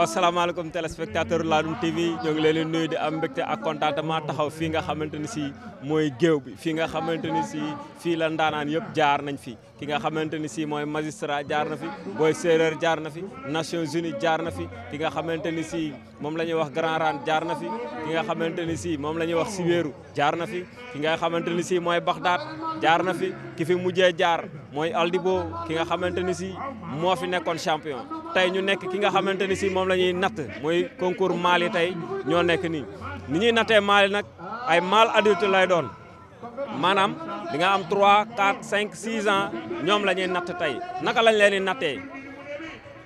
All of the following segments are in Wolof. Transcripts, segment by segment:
waaw salaamaaleykum téléspectateur Ladoum TV ñoo ngi leen di nuyu di am mbégte ak contentement taxaw fii nga xamante ni sii mooy géew bi fii nga xamante ni si fii la ndaanaan yëpp jaar nañ fi ki nga xamante ni si mooy magistrat jaar na fi booy séeréer jaar na fi Nations Unies jaar na fi ki nga xamante ni si moom la ñuy wax Grand Rane jaar na fi ki nga xamante ni sii moom la ñuy wax Siweeru jaar na fi ki nga xamante ni sii mooy Baxdaat jaar na fi ki fi mujjee jaar mooy Aldibo ki nga xamante ni si moo fi nekkoon champion tey ñu nekk ki nga xamante ni si moom la ñuy natt mooy concours maal tey ñoo nekk nii ni ñuy nattee maal nag ay maal adulte lay doon maanaam bi nga am 3 4 5 6 ans ñoom la ñuy natt tey naka lañ leen di nattee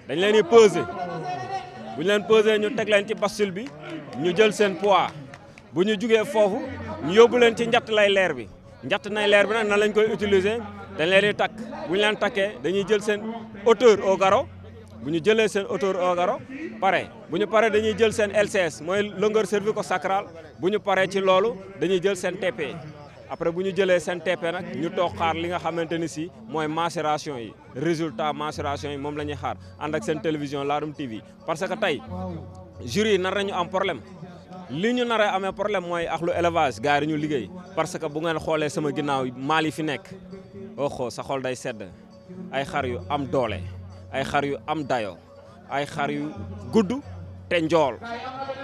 dañ leen di peser bu ñu leen peser ñu teg leen ci bascule bi ñu jël seen poids bu ñu jugee foofu ñu yóbbu leen ci njatt lay leer bi njatt nay leer bi nag nan lañ koy utiliser dañ leen takk bu ñu leen takkee dañuy jël seen hauteur au garrot bu ñu jëlee seen autour ogaro pare bu ñu paree dañuy jël seen LCS mooy longueur cervico-sacrale bu ñu paree ci loolu dañuy jël seen TP après bu ñu jëlee seen TP nag ñu toog xaar li nga xamante ni si mooy macération yi résultat macération yi moom la ñuy xaar ànd ak seen télévision Ladoum TV parce que tey jury yi nar nañu am problème li ñu nar a amee problème mooy axlu élevage gars yi ñu liggéey parce que bu ngeen xoolee sama ginnaaw maal yi fi nekk oxo sa xol day sedd ay xar am doole ay xar yu am dayo ay xar yu gudd te njool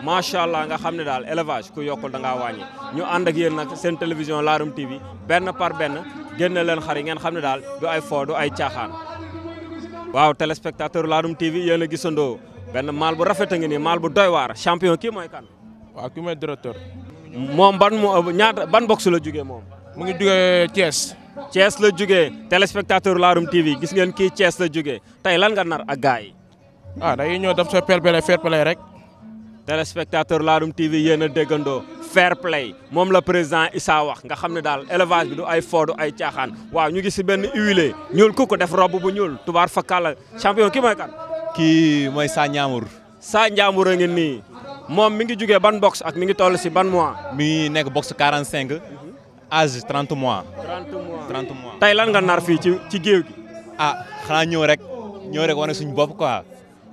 macha allah nga xam ne daal élevage ku yokkul da ngaa wàññi ñu ànd ak yéen nag seen télévision Ladoum TV benn par benn génne leen xar yi ngeen xam ne daal du ay foo ay caaxaan. waaw téléspectateur Ladoum TV yéen a gisandoo benn maal bu rafet a ngi nii maal bu doy waar champion kii mooy kan. waaw kii mooy directeur. moom ban mu ñaata ban box la jugee moom. mu ngi jugee Thiès. Thiès la jógee téléspectateur Ladoum TV gis ngeen kii cees la jógee tey lan nga nar ak gars yi. ah dañuy ñëw def sa fair play fair play rek. téléspectateur Ladoum TV yéen a déggandoo fair play moom la président Issa wax nga xam ne daal élevage bi du ay foodu ay caaxaan waaw ñu gis si benn huilier ñuul ku ko def robe bu ñuul tubaar fakkaala champion ki mooy kii mooy saa Ndiamour. Sa Ndiamour a ngi nii moom mi ngi jógee ban box ak mi ngi toll si ban mois. mi ngi nekk box 45. âge 30 mois. 30 mois 30 tey lan nga nar fii ci ci géew ah xanaa ñëw rek ñëw rek wane suñu bopp quoi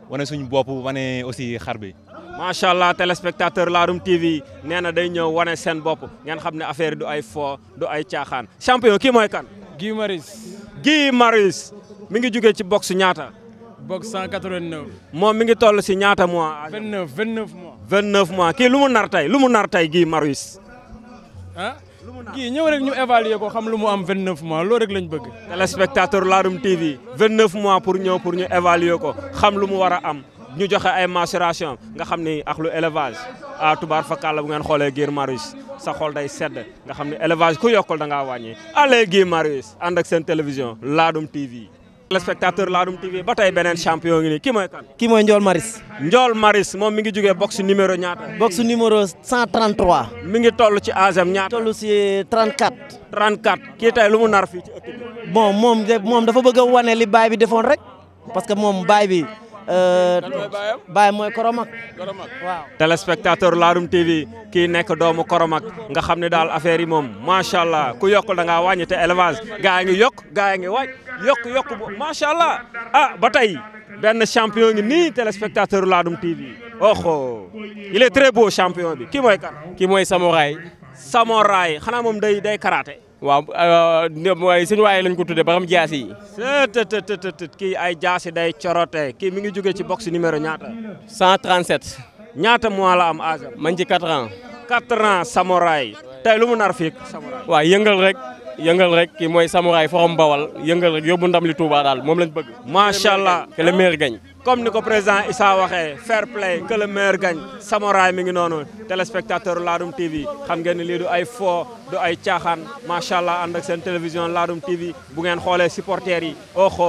wane suñu bopp wane aussi xar bi. macha allah téléspectateur Ladoum TV nee na day ñëw wane seen bopp ngeen xam ne affaire du ay foo du ay caaxaan champion kii mooy kan. Guy Marius. gi Marius mi ngi jugee ci box ñaata. box 189. moom mi ngi toll si ñaata mois. 29 29 mois. 29 mois kii lu mu nar tey lu mu nar tey Guy Marius. Ah? kii ñëw rek ñu évaluer ko xam lu mu am 29 mois loolu rek lañ bëgg. téléspectateur Ladoum TV 29 mois pour ñëw pour ñu évaluer ko xam lu mu war a am ñu joxe ay mensuration nga xam ni ak lu élevage ah tubaar fakàlla bu ngeen xoolee Guy Marius sa xool day sedd nga xam ni élevage ku yokkul da ngaa wàññi. allez Guy Marius ànd ak seen télévision Ladoum TV. téléspectateur Ladoum TV ba tey beneen champion ngi nii kii mooy kan. kii mooy Ndiol Maris. Ndiol Maris moom mi ngi jugee box numéro ñaata. box numéro 133. mi ngi toll ci agem ñaata. toll si 34. 34 kii tey lu mu nar fii ci ëtt bon moom moom dafa bëgg wane li baay bi defoon rek parce que moom baay bi. Euh, baay mooy Koromak waaw. téléspectateur Ladoum TV kii nekk doomu Koromak nga xam ne daal affaire yi moom macha allah ku yokkul da ngaa wàññi te élevage gaa ngi yokk gaa ngi wàññi yokk yokk macha allah ah ba tey benn champion ngi nii téléspectateur Ladoum TV oho il est très ki mooy kan. kii mooy Samouraay. Samouraay xanaa moom day day karaté. waaw mooy euh, euh, suñu waaye lañ ko tuddee baram jaasi yi. sëtëtëtëtët kii ay jaasi day corote kii mi ngi jóge ci box numéro ñaata. 137. ñaata mois la am âge man ci 4 ans. 4 ans samouraay. tey lu mu nar fii samouraay. waaw yëngal rek yëngal rek kii mooy samouraay forom bawal yëngal rek yóbbu ndam li Touba daal moom lañ bëgg. macha allah que le meilleur comme ni ko président Issa waxee fair play que le meilleur mi ngi noonu téléspectateur Ladoum TV xam ngeen ne lii du ay foo du ay caaxaan macha allah ànd seen télévision Ladoum TV bu ngeen xoolee supporters yi oxo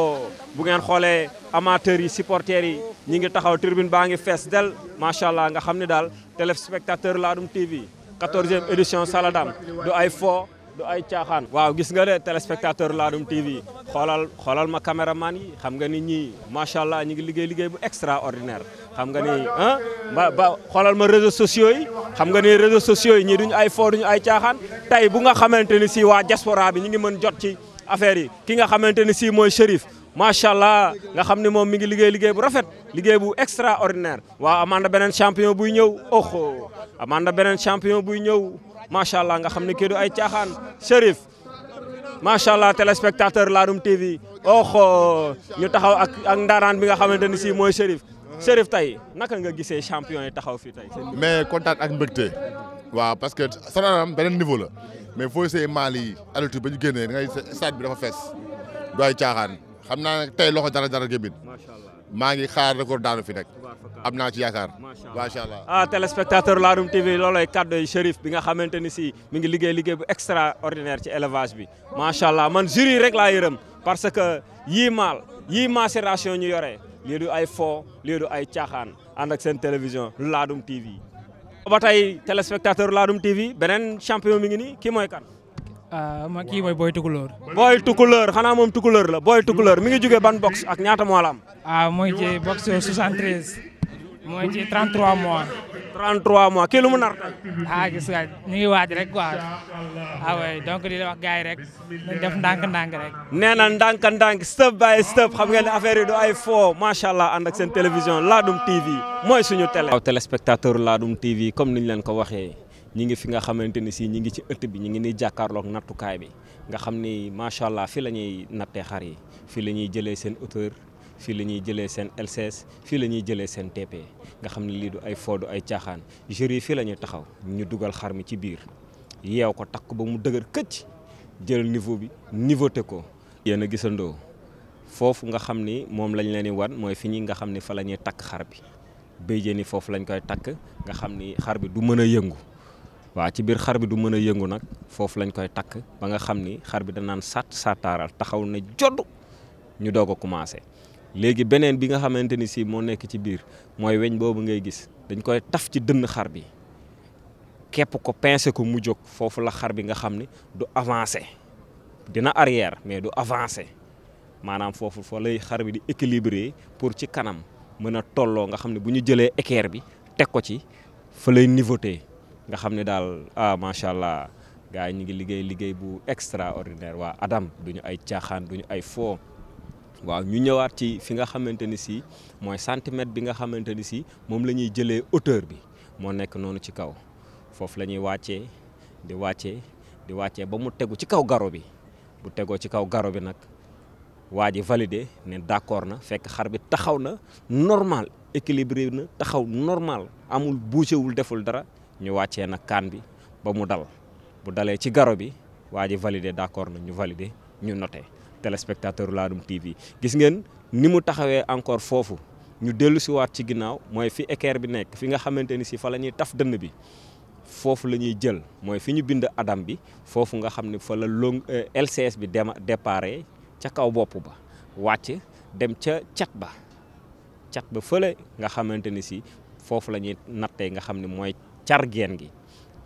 bu ngeen xoolee amateurs yi supporters yi ñi ngi taxaw tribune baa ngi fees del macha allah nga xam ne daal téléspectateur Ladoum TV 14e édition Saladam du ay fo du ay caaxaan. waaw gis nga de téléspectateur Ladoum TV xoolal xoolal ma caméraman yi xam nga ni ñii macha allah ñu ngi liggéey liggéey bu extraordinaire xam nga ni ah ba ba xoolal ma réseaux sociaux yi xam nga ni réseaux sociaux yi ñii duñu ay foo duñu ay caaxaan tey bu nga xamante ni si waa diaspora bi ñu ngi mën jot ci affaire yi ki nga xamante ni si mooy Chérif. macha allah nga xam ne moom mi ngi liggéey liggéey bu rafet liggéey bu extraordinaire waa amanda beneen champion buy ñëw oxo amanda beneen champion buy ñëw macha allah nga xam ne kii du ay caaxaan Chérif macha allah téléspectateur Ladoum TV oxo ñu taxaw ak ak ndaaraan bi nga xamante ni si mooy Chérif Chérif tey naka nga gisee champion yi taxaw fii tey. mais contact ak mbégte waaw parce que sonal beneen niveau la mais foo see maal yi alatu ba ñu génnee da ngay stade bi dafa fees du ay caaxaan xam naa nag tey loxo dara dara gémmin. macha allah. maa ngi xaar record daanu fi nekk am naa ci yaakaar ah, téléspectateur Ladoum TV loolooy kaddu yi Chérif bi nga xamante ni si mi ngi liggéey liggéey bu extraordinaire ci élevage bi macha allah man jury rek laa yërëm parce que yii maal yii macération ñu yore lii du ay fo lii du ay caaxaan ànd ak seen télévision Ladoum TV. ba tey téléspectateur Ladoum TV beneen champion mi ngi nii kii mooy ah ma kii mooy Boy Tukulóor. Boy Tukulóor xanaa moom Tukulóor la Boy Tukulóor mi ngi jógee ban box ak ñaata mois la am. ah mooy ci box 73. mooy ci 33 mois. 33 mois kii mu nar tey. ah ñu ngi waaj rek quoi ah, donc di wax gars yi rek def ndànk-ndànk rek. nee na ndànk-ndànk step by step xam ngeen ne affaire yi du ay fo macha allah ànd ak seen télévision Ladoum TV mooy suñu télé. waaw téléspectateur Ladoum TV comme niñ leen ko waxee. ñu ngi fi nga xamante ni sii ñu ngi ci ëtt bi ñu ngi ni jàkkaarloog nattukaay bi nga xam ni macha allah fii la ñuy nattee xar yi fii la ñuy jëlee seen hauteur fii la ñuy jëlee seen LCS fii la ñuy jëlee seen tepe nga xam ni lii du ay foodu ay caaxaan jur yi fii la ñuy taxaw ñu dugal xar mi ci biir yeew ko takk ba mu dëgër këcc jël niveau bi niveau te ko. yéen a gisandoo foofu nga xam ni moom lañ leen di wan mooy fi ñi nga xam ni fa la ñuy takk xar bi béyjeen yi foofu lañ koy takk nga xam ni xar bi du mën a yëngu. waaw ci biir xar bi du mën a yëngu nag foofu lañ koy takk ba nga xam ni xar bi naan sàtt sàttaaral taxaw na jodd ñu doog a commencé léegi beneen bi nga xamante ni si moo nekk ci biir mooy weñ boobu ngay gis dañ koy taf ci dënn xar bi képp ko pincé ko mu jóg foofu la xar bi nga xam ni du avancé dina arrière mais du avancé maanaam foofu fa lay xar bi di équilibré pour ci kanam mën a tolloo nga xam ne bu ñu jëlee équerre bi teg ko ci fa lay niveauté nga xam ne daal ah macha allah gars yi ñu ngi liggéey liggéey bu extraordinaire waa Adam duñu ay caaxaan duñu ay foo waaw ñu ñëwaat ci fi nga xamante ni si mooy centimètre bi nga xamante ni si moom la ñuy jëlee hauteur bi moo nekk noonu ci kaw foofu la ñuy wàccee di wàcce di wàccee ba mu tegu ci kaw garo bi bu tegoo ci kaw garo bi nag waa ji validé ne d'accord na fekk xar bi taxaw na normal équilibré na taxaw normal amul bougé wul deful dara ñu wàccee nag kaan bi ba mu dal bu dalee ci garo bi waa ji validé d'accord na ñu validé ñu noté téléspectateur Ladoum TV gis ngeen ni mu taxawee encore foofu ñu dellu si waat ci ginnaaw mooy fi équerre bi nekk fi nga xamante ni si fa la ñuy taf dënn bi foofu la ñuy jël mooy fi ñu bind adam bi foofu nga xam ne fa la long euh, LCS bi dem déparé ca kaw bopp ba wàcc dem ca cat ba cat ba fële nga xamante ni si foofu la ñuy nattee nga xam ne mooy car geen gi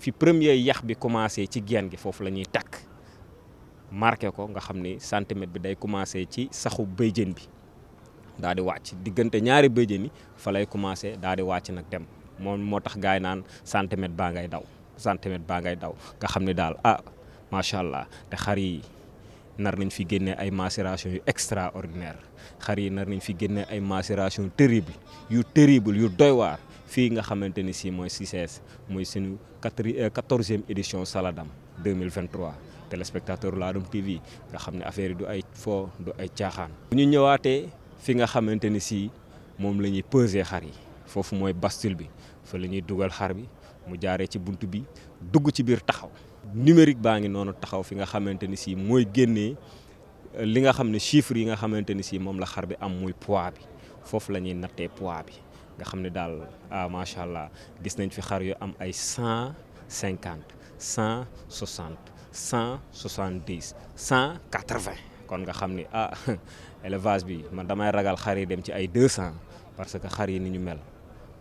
fi premier yax bi commencé ci geen gi foofu la ñuy takk marqué ko nga xam ni centimètre bi day commencé ci saxu béjjén bi daal di wàcc diggante ñaari béjjén yi fa lay commencé daal di wàcc nag dem moom moo tax gaay naan centimètre baa ngay daw centimètre baa ngay daw nga xam ni daal ah macha allah te xar yi nar nañ fi génne ay macération yu extraordinaire xar yi nar nañ fi génne ay macération terrible yu terrible yu doywaar fii nga xamante ni si mooy CCS mooy suñu quatri euh, quatorzième édition Saladam 2023 téléspectateur Ladoum TV nga xam ne affaire yi du ay fo du caaxaan. bu ñu ñëwaatee fi nga xamante ni si moom la ñuy peser xar yi foofu mooy bascule bi fa la ñuy dugal xar bi mu jaaree ci bunt bi dugg ci biir taxaw. numérique baa ngi noonu taxaw fi nga xamante ni si mooy génnee euh, li nga xam ne chiffres yi nga xamante ni si moom la xar bi am muy poids bi foofu la ñuy nattee poids bi. nga xam ne daal ah macha allah gis nañ fi xar yu am ay cent cinquante cent soixante cent soixante dix cent quatre vingt kon nga xam ni ah élevage bi man damay ragal xar yi dem ci ay deux cent parce que xar yi ni ñu mel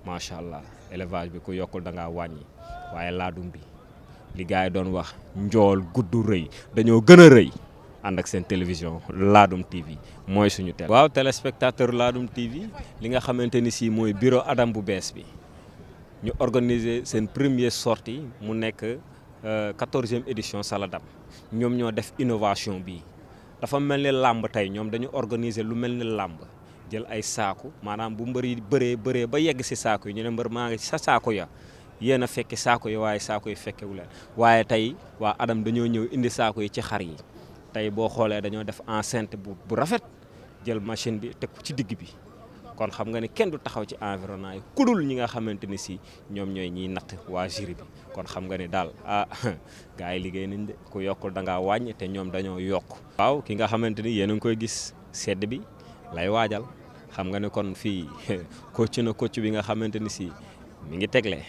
macha allah élevage bi ku yokkul da ngaa wàññi waaye laadum bi li gars doon wax njool gudd rëy dañoo gën a rëy. ànd ak seen télévision Ladoum TV mooy suñu télé. waaw téléspectateur Ladoum TV li nga xamante ni si mooy bureau Adam bu bees bi ñu organiser seen première sortie mu nekk euh, quatorzième édition Saladam ñoom ñoo def innovation bi dafa mel ni làmb tey ñoom dañu organiser lu mel ni làmb jël ay saaku maanaam bu mbër yi bëree bëree ba yegg si saaku yi ñu ne mbër maa ngi sa saaku ya yéen a fekki saaku yi waaye saaku yi fekkewu leen waaye tey waa Adam dañoo ñëw indi saaku yi ci xar yi. tey boo xoolee dañoo def enceinte bu bu rafet jël machine bi teg ko ci digg bi kon xam nga ne kenn du taxaw ci environnement yi kudul ñi nga xamante ni si ñoom ñooy ñiy natt waa jury bi kon xam nga ne daal ah gars yi liggéey nañ de ku yokkul da ngaa wàññi te ñoom dañoo yokk. waaw ki nga xamante ni yéen a ngi koy gis sedd bi lay waajal xam nga ne kon fii coach na coach bi nga xamante ni si mi ngi tegle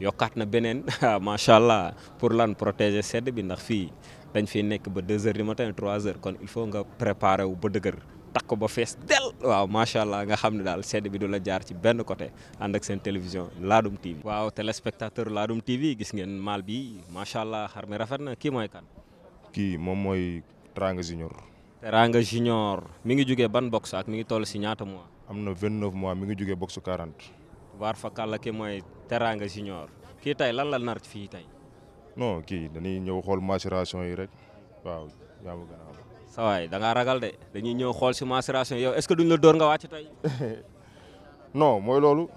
yokkaat na beneen ah, macha allah pour lan protéger sedd bi ndax fii. dañ fiy nekk ba deux heures du matin trois heures kon il faut nga préparer wu ba dëgër takk ba fees del waaw macha allah nga xam ne daal sedd bi du la jaar ci benn côté ànd ak seen télévision Ladoum TV. waaw téléspectateur Ladoum TV gis ngeen maal bi macha allah xar mi rafet na kii mooy kan. kii moom mooy Teranga Junior. Teranga Junior mu ngi jugee ban box ak mi ngi toll si ñaata mois. am na vingt neuf mois mi ngi jugee box 40. waar fa kàlla ki mooy Teranga Junior kii tey lan la nar fii tey. non kii dañuy ñëw xool macération yi rek waaw yaa ma gën a xam. sa da ngaa ragal de dañuy ñëw xool si macération yow est-ce que duñ la dóor nga wacc tey. no mooy loolu.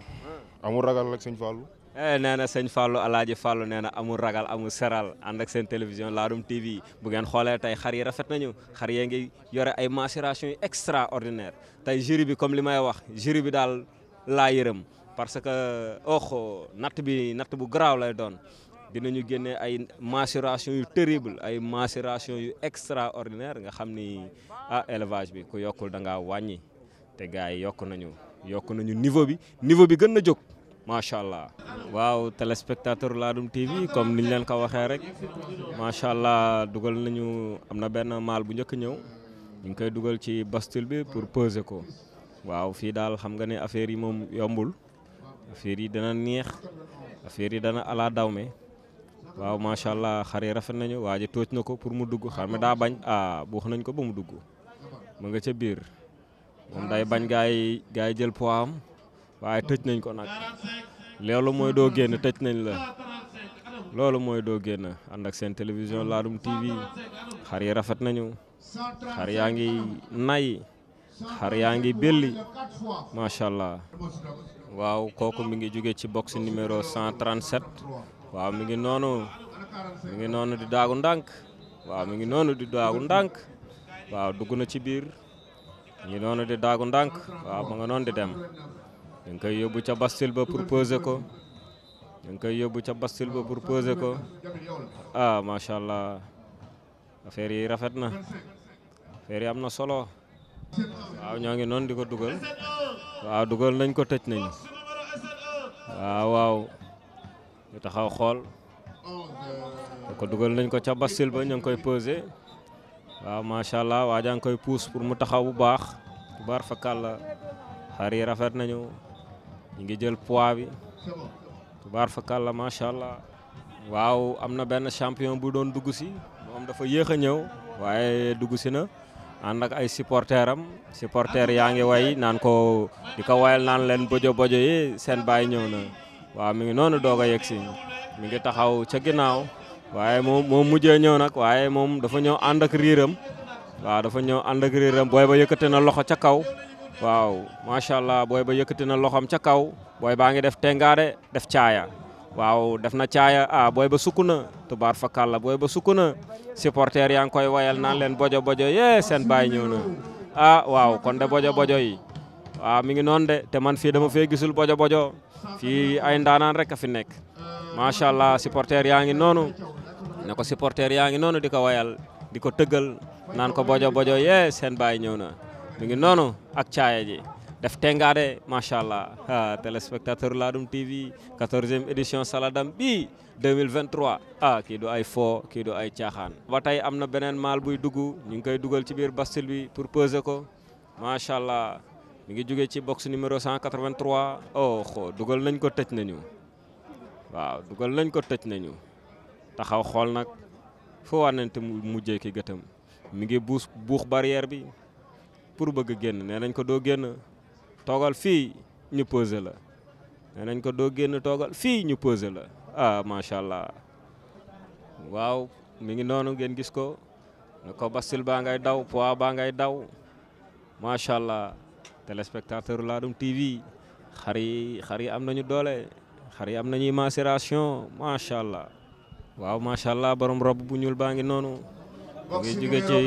amul ragal rek sëñ Fallou. Eh, nee na sëñ Fallou Alaaji Fallou nee na amul ragal amul seral ànd ak seen télévision Ladoum TV bu ngeen xoolee tey xar yi rafet nañu xar yee ngi yore ay macération yi extraordinaire tey jury bi comme li may wax jury bi daal laa yërëm parce que oh natt bi natt bu garaaw lay doon. dinañu génne ay macération yu terrible ay macération yu extraordinaire nga xam ni ah élevage bi ku yokkul da wàññi te gars yi yokk nañu yokk nañu niveau bi niveau bi gën na jóg macha allah. waaw téléspectateur Ladoum TV comme niñ leen ko waxee rek macha allah dugal nañu am na benn maal bu njëkk ñëw ñu ngi koy dugal ci bastul bi pour peser ko waaw fii daal xam nga ne affaire yi moom yombul affaire yi dana neex affaire yi dana ala dawme waaw macha allah xar yi rafet nañu waaje ji na ko pour mu dugg xar mi daa bañ ah buux nañ ko ba mu dugg mu nga ca biir moom day bañ gaay yi jël poids am waaye tëj nañ ko nag loolu mooy doo génn tëj nañ la loolu mooy doo génn ànd ak seen télévision Ladoum TV xar yi rafet nañu xar yaa ngi nay xar yaa ngi belli macha allah waaw kooku mi ngi jóge ci box numéro 137. waaw mi ngi noonu ngi noonu di daagu ndànk waaw mi ngi noonu di daagu ndànk waaw dugg na ci biir mi ngi noonu di daagu ndànk waaw ma nga noonu di dem ñu ngi koy yóbbu ca bastil ba pour poser ko ñu ngi koy yóbbu ca bastil ba pour poser ko ah macha allah affaire yi rafet na affaire am na solo waaw ñoo ngi noonu di ko dugal waaw dugal nañ ko tëj nañ waaw waaw ñu taxaw xool ko dugal nañ ko ca bassil ba ñu ngi koy pesé waaw macha allah waajaa ngi koy puus pour mu taxaw bu baax tubaar fakal la xar yi rafet nañu ñu ngi jël poids bi tubaar fakal la macha allah. waaw am na benn champion bu doon dugg si moom dafa yéex a ñëw waaye dugg si na ànd ak ay supporters am supporters yaa ngi way naan ko di ko wayal naan leen bojo bojo yi seen baay ñëw na. waa mi ngi noonu doog a yegg si mi ngi taxaw ca ginnaaw waaye moom moom mujjee ñëw nag waaye moom dafa ñëw ànd ak riiram waaw dafa ñëw ànd ak riiram booy ba yëkkati na loxo ca kaw waaw macha allah booy ba yëkkati na loxoom ca kaw booy baa ngi def tengaade def caaya waaw def na caaya a ah, booy ba sukk na tubaar fakalla booy ba sukk na supporter yaa ngi koy wayal naan leen bojo bojo yee seen baay ñëw na ah waaw kon de bojo bojo yi waaw mi de te man fii dama fee gisul bojo fii ay ndaanaan rek a fi nekk macha allah supporter yaa ngi noonu ne ko supporter yaa ngi noonu di ko wayal di ko tëggal naan ko bojo bojo yee seen baay ñëw na mu ngi noonu ak caaya ji def tengaade macha allah ah téléspectateur Ladoum TV 14e édition Saladam bii 2023 ah kii du ay foo kii du ay caaxaan. ba tey am na beneen maal buy dugg ñu ngi koy dugal ci biir bastil bi pour peser ko macha allah. mi ngi jógee ci box numéro 183 oh dugal nañ ko tëj nañu waaw dugal nañ ko tëj nañu taxaw xool nag foo wànnante mu mujjee ki gëtam mi ngi buus buux barrière bi pour bëgg génn nee nañ ko doo génn toogal fii ñu posé la nee nañ ko doo génn toogal fii ñu posé la ah macha allah waaw mi ngi noonu ngeen gis ko ne ko bastil baa ngay daw poids baa ngay daw macha allah. téléspectateur Ladoum TV xar yi xar yi am nañu doole xar yi am nañuy macération macha allah waaw macha allah borom rob bu ñuul baa ngi noonu. mu ngi jóge ci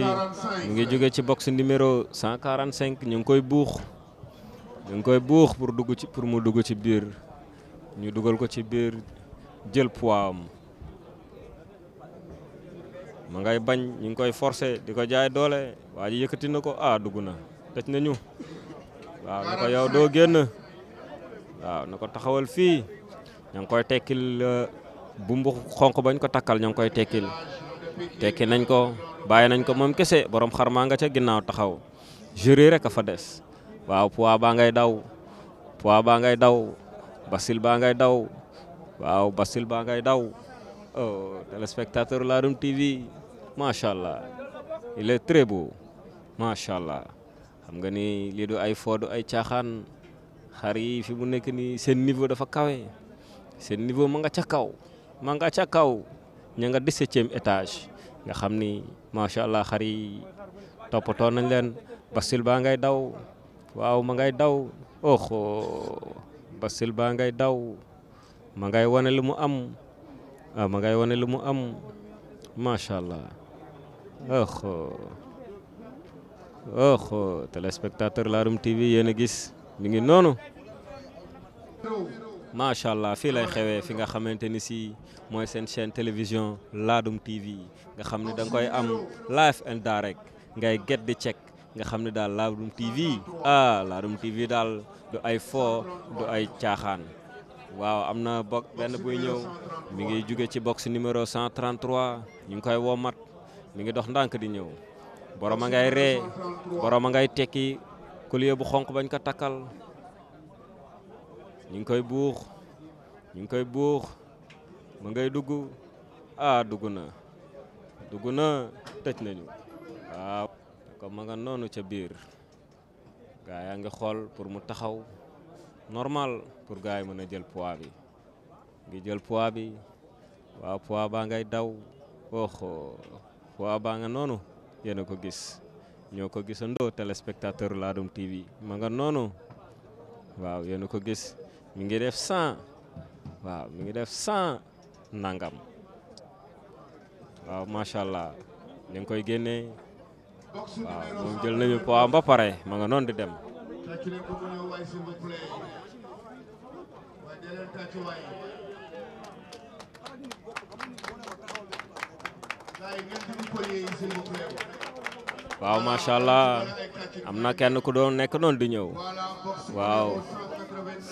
ngi jóge ci box numéro 145 ñu ngi koy buux ñu ngi koy buux pour dugg ci pour mu dugg ci biir ñu dugal ko ci biir jël poids am ma ngay bañ ñu ngi koy forcer di ko jaay doole waa ji yëkkati na ko ah dugg na tëj nañu waaw na ko yow doo génn waaw na ko taxawal fii ña ngi koy tekkil uh, bumbu xonq bañ ko takkal ña ngi koy tekkil tekki nañ ko bàyyi nañ ko moom kese borom xar maa nga ca ginnaaw taxaw juré rek a fa des waaw poids baa ngay daw poids baa ngay daw basil baa ngay daw waaw basil baa ngay daw oh téléspectateur Ladoum TV macha allah il est très beau allah. xam nga ni lii du ay foo ay caaxaan xar yi fi mu nekk nii seen niveau dafa kawe seen niveau ma nga ca kaw ma nga ca kaw ña nga 17e étage nga xam ni macha allah xar yi toppatoo nañ leen basil baa ngay daw waaw ma ngay daw oxo basil baa ngay daw ma ngay wane lu mu am ah, ma ngay wane mu am macha allah oxo oh téléspectateur Ladoum TV yéen a gis mi ngi noonu macha allah fii lay xewee fi nga xamante ni si mooy seen chaîne télévision Ladoum TV nga xam ne danga koy am live and direct ngay get di check nga xam ne daal Ladoum TV ah Ladoum TV daal du ay fo du ay caaxaan waaw am na bo benn buy ñëw mu ngi jóge ci box numéro 133 ñu ngi koy womat mi ngi dox ndànk di ñëw. borom a ngay ree borom a ngay tekki collier bu xonq bañ ko takkal ñu ngi koy buux ñu ngi koy buux ma ngay dugg ah dugg na dugg na tëj nañu waaw comme ma nga noonu ca biir gaa yaa ngi xool pour mu taxaw normal pour gaa yi mën a jël poids bi ngi jël poids bi waaw poids baa ngay daw oxo baa nga noonu yéen a ko gis ñoo ko gisandoo téléspectateur Ladoum TV ma nga noonu waaw yéen ko gis mi ngi def 100 waaw mi ngi def 100 nangam waaw macha allah ñu ngi koy génnee waaw moom jël nañu poids ba pare ma nga noonu di dem. waaw macha allah am na kenn ku doon nekk noonu di ñëw waaw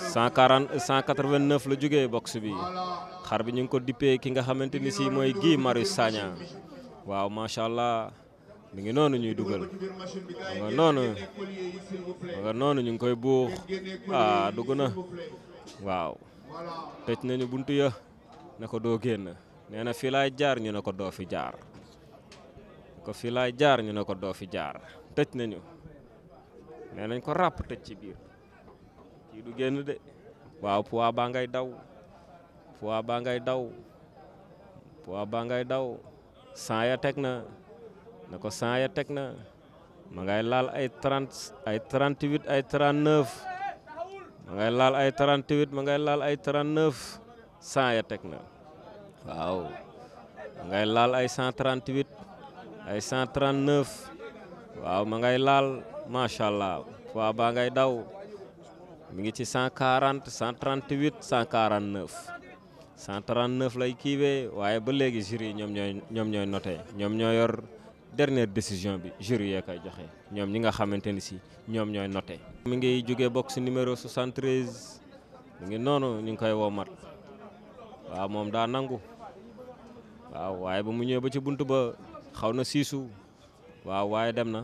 140 189 la jóge box bi xar bi ñu ngi ko dippee ki nga xamante ni si mooy Guy Marius Sagna waaw macha allah mi ngi noonu ñuy dugal nga noonu nga noonu ñu ngi koy buux ah dugg na waaw tëj nañu bunt ya ne ko doo génn nee na fii laay jaar ñu ne ko doo fi jaar. ko fi laay jaar ñu ne ko doo fi jaar tëj nañu nee nañ ko ràpp tëj ci biir kii du génn de waaw poids baa ngay daw poids baa ngay daw poids baa ngay daw cent ya teg na ne ko cent ya teg na ma ngay laal ay trente ay trente ay trente neuf ma ngay laal ay trente huit ma ngay laal ay trente neuf cent ya teg na waaw ma ngay laal ay cent trente huit ay 139 waaw ma ngay laal macha allah poids baa ngay daw mi ngi ci 140 138 149 139 lay kiiwee waaye ba léegi jury ñoom ñooy ñoom ñooy noté ñoom ñoo yor dernière décision bi jury yee koy joxe ñoom ñi nga xamante ni si ñoom ñooy noté. mi ngi jógee box numéro 73 mi ngi noonu ñu ngi koy woomat waaw moom daa nangu waaw waaye ba mu ñëwee ba ci buntu ba. xaw na siisu waaw waaye dem na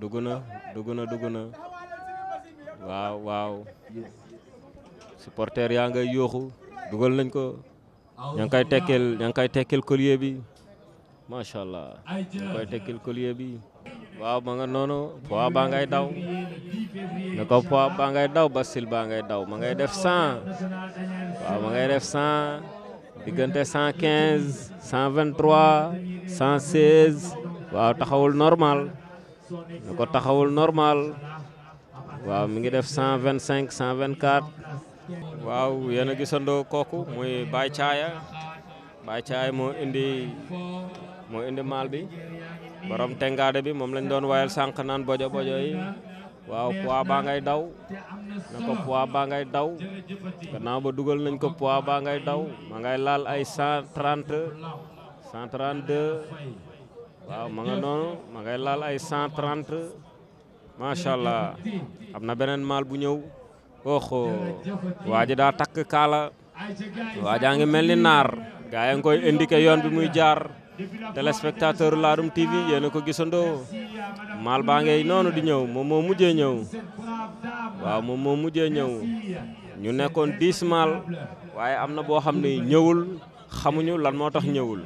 dugg na dugg na dugg na waaw waaw supporter yaa ngay yooxu dugal nañ ko ña ngi koy tekkil ña ngi koy tekkil collier bi macha allah ña koy tekkil collier bi waaw ma nga noonu poids baa ngay daw ne ko poids baa ngay daw basil baa ngay daw ma ngay def 100 waaw ma ngay def 100 diggante cent quinze cent vingt trois cent seize waaw taxawul normal ñu ko taxawul normal waaw mi ngi def cent vingt cinq cent vingt quatre waaw yéen a gisandoo kooku muy Baye Caaya Baye Caaya moo indi moo indi maal bi borom tengaade bi moom lañ doon wayal sànq naan bojo bojo yi waaw poids baa ngay daw na ko poids baa ngay daw gannaaw ba dugal nañ ko poids baa ngay daw ma ngay laal ay 130 132 waaw ma nga noonu ma ngay laal ay 130 macha allah am na beneen maal bu ñëw oxo ji daa takk kaala waajaa ngi mel ni naar gaa yaa ngi koy yoon bi muy jaar téléspectateur Ladoum TV yéen a ko gisandoo maal baa ngay noonu di ñëw moom moo mujjee ñëw waaw moom moo mujjee ñëw ñu nekkoon 10 maal waaye am na boo xam ne ñëwul xamuñu lan moo tax ñëwul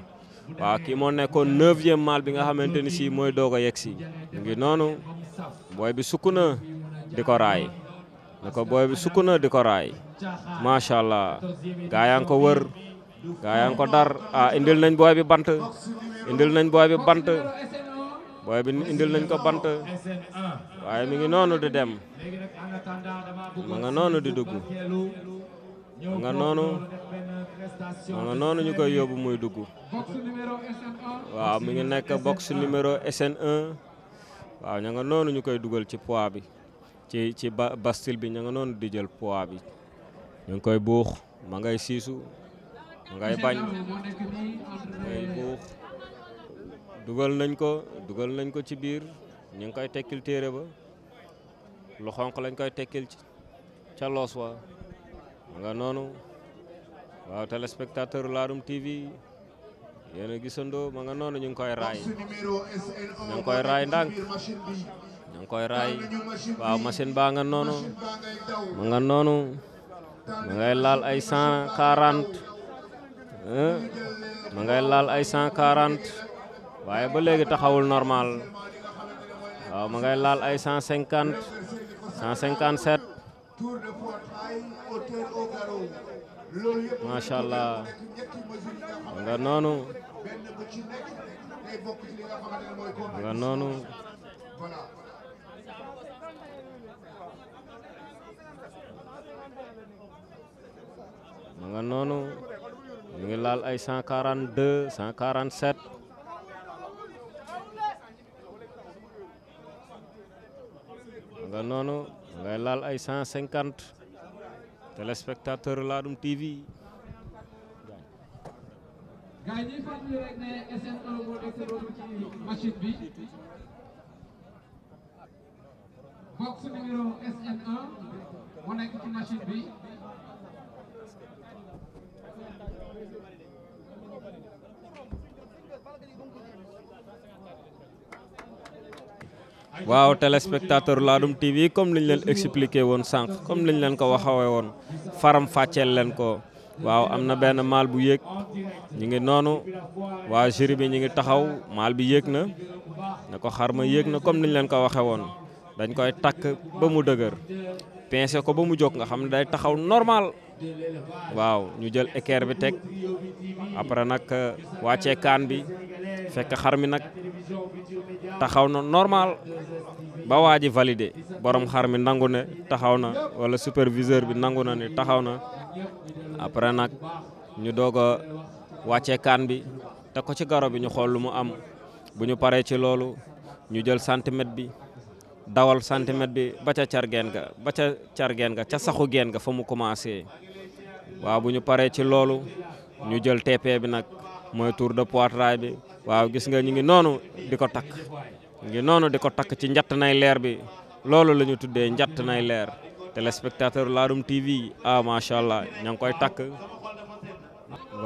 waaw kii moo nekkoon neuvième maal bi nga xamante ni si mooy doog a yegg si noonu booy bi sukk na di ko raay ne ko booy bi sukk na di ko raay macha allah yaa ngi ko wër gaa yaa ngi ko dar ah indil nañ booy bi bant indil nañ booy bi bant booy bi indil nañ ko bant waaye mi ngi noonu di dem ma nga noonu di dugg ma nga noonu ma nga noonu ñu koy yóbbu muy dugg waaw mi ngi nekk box numéro SN1 waaw ña nga noonu ñu koy dugal ci poids bi ci ci bastil bi ña nga noonu di jël bi ñu koy buux ma ngay siisu ngay bañ ngay buux dugal nañ ko dugal nañ ko ci biir ñu ngi koy tekkil téere ba lu xonq lañ koy tekkil ca loos wa nga noonu waaw téléspectateur Ladoum TV yéen a gisandoo ma nga noonu ñu ngi koy raay ñu ngi koy raay ndànk ñu koy raay waaw machine baa nga noonu ma noonu laal ay cent quarante ma ngay laal ay 140 waaye ba léegi taxawul normal waaw ma ngay laal ay 150 157 macha allah nga noonu nga noonu nga noonu. mu ngi laal ay cent 142 147 nga noonu ngay laal ay cent téléspectateur Ladoum TV. gaa yi ñuy fàttali rek ne SN1 nekk ci machine bi. waaw téléspectateur Ladoum TV comme liñ leen expliqué woon sànq comme liñ leen ko waxawee woon faram fàcceel leen ko waaw am na benn maal bu yéeg ñu ngi noonu waa jury bi ñu ngi taxaw maal bi yéeg na ne ko xar ma yéeg na comme niñ leen ko waxee woon dañ koy takk ba mu dëgër pincé ko ba mu jóg nga xam ne day taxaw normal waaw ñu jël équerre bi teg après nag euh, wàccee kaan bi fekk xar mi nag taxaw na normal ba waa ji validé borom xar mi nangu ne taxaw na wala superviseur bi nangu na ne taxaw na après nag ñu doog a wàccee bi te ko ci garo bi ñu xool lu mu am bu ñu paree ci loolu ñu jël centimètre bi dawal centimètre bi ba ca cargeen ga ba ca cargeen ga ca saxu geen ga fa mu commencé waaw bu ñu paree ci loolu ñu jël TP bi nag mooy tour de poitrail bi waaw gis nga ñu ngi noonu di ko takk ñu ngi noonu di ko takk ci njatt nay leer bi loolu la ñu tuddee njatt nay leer téléspectateur Ladoum TV ah macha allah ña ngi koy takk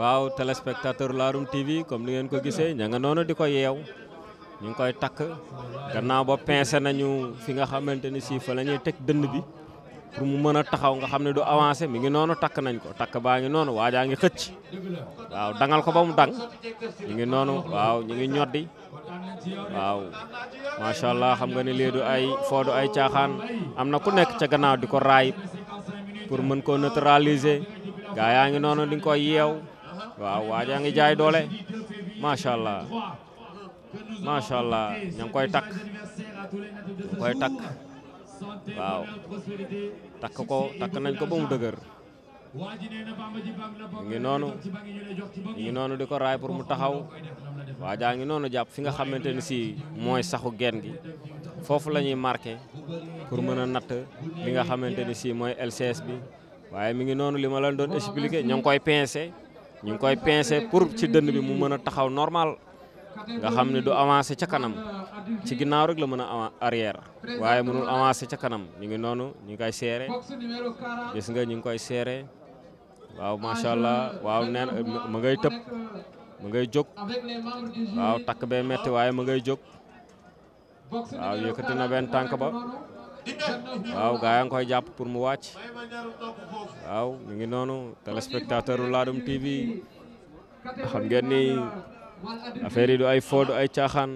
waaw téléspectateur Ladoum TV comme ni ngeen ko gisee ña nga noonu di ko yeew ñu ngi koy takk gannaaw ba nañu fi nga xamante ni si fa la teg dënn bi pour mu mën a taxaw nga xam ne du avancé mi ngi noonu takk nañ ko takk baa ngi noonu waajaa ngi xëcc waaw dangal ko ba mu dang ñu ngi noonu waaw ñu ngi ñoddi waaw macha allah xam nga ne lii du ay foodu ay caaxaan am na ku nekk ca gannaaw di ko raay pour mën koo neutraliser gaa yaa ngi noonu di nga koy yeew waaw waajaa ngi jaay doole macha allah macha allah ña koy takk ña ngi koy takk. waaw takk ko takk nañ ko ba mu dëgër mu ngi noonu mu ngi noonu di ko raay pour mu taxaw waa jaa ngi noonu jàpp fi nga xamante ni si mooy saxu gen gi foofu lañuy ñuy marqué pour mën a natt li nga xamante ni si mooy LCS bi waaye mi ngi noonu li ma leen doon expliqué ñu ngi koy pincé ñu ngi koy pincé pour ci dënn bi mu mën a taxaw normal nga xam ne du avancé ca kanam ci ginnaaw rek la mën a arrière waaye mënul avancé ca kanam ñu ngi noonu ñu ngi koy seere gis nga ñu ngi koy seere waaw macha allah waaw nee na ma ngay tëb ma ngay jóg waaw takk bee metti waaye ma ngay jóg waaw yëkkati na benn tànk ba waaw gaa yaa ngi koy jàpp pour mu wàcc waaw ñu ngi noonu téléspectateur u Ladoum TV xam ngeen ni affaire yi du ay foo ay caaxaan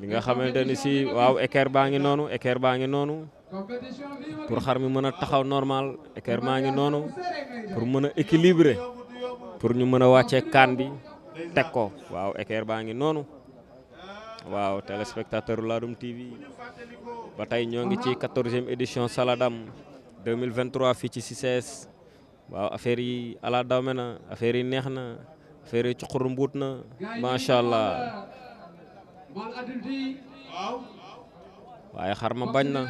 li nga xamante ni si waaw équerre baa ngi noonu équerre baa ngi noonu pour xar mi mën a taxaw normal équerre baa ngi noonu pour mën a équilibrer pour ñu mën a wàcce kaan bi teg ko waaw équerre baa ngi noonu waaw téléspectateur Ladoum TV ba tey ñoo ngi ci quatorzième édition Saladam 2023 fii ci si CICES waaw affaire yi ala daw affaire yi neex na féeré cuqur mbuut na macha allah waaye xar ma bañ na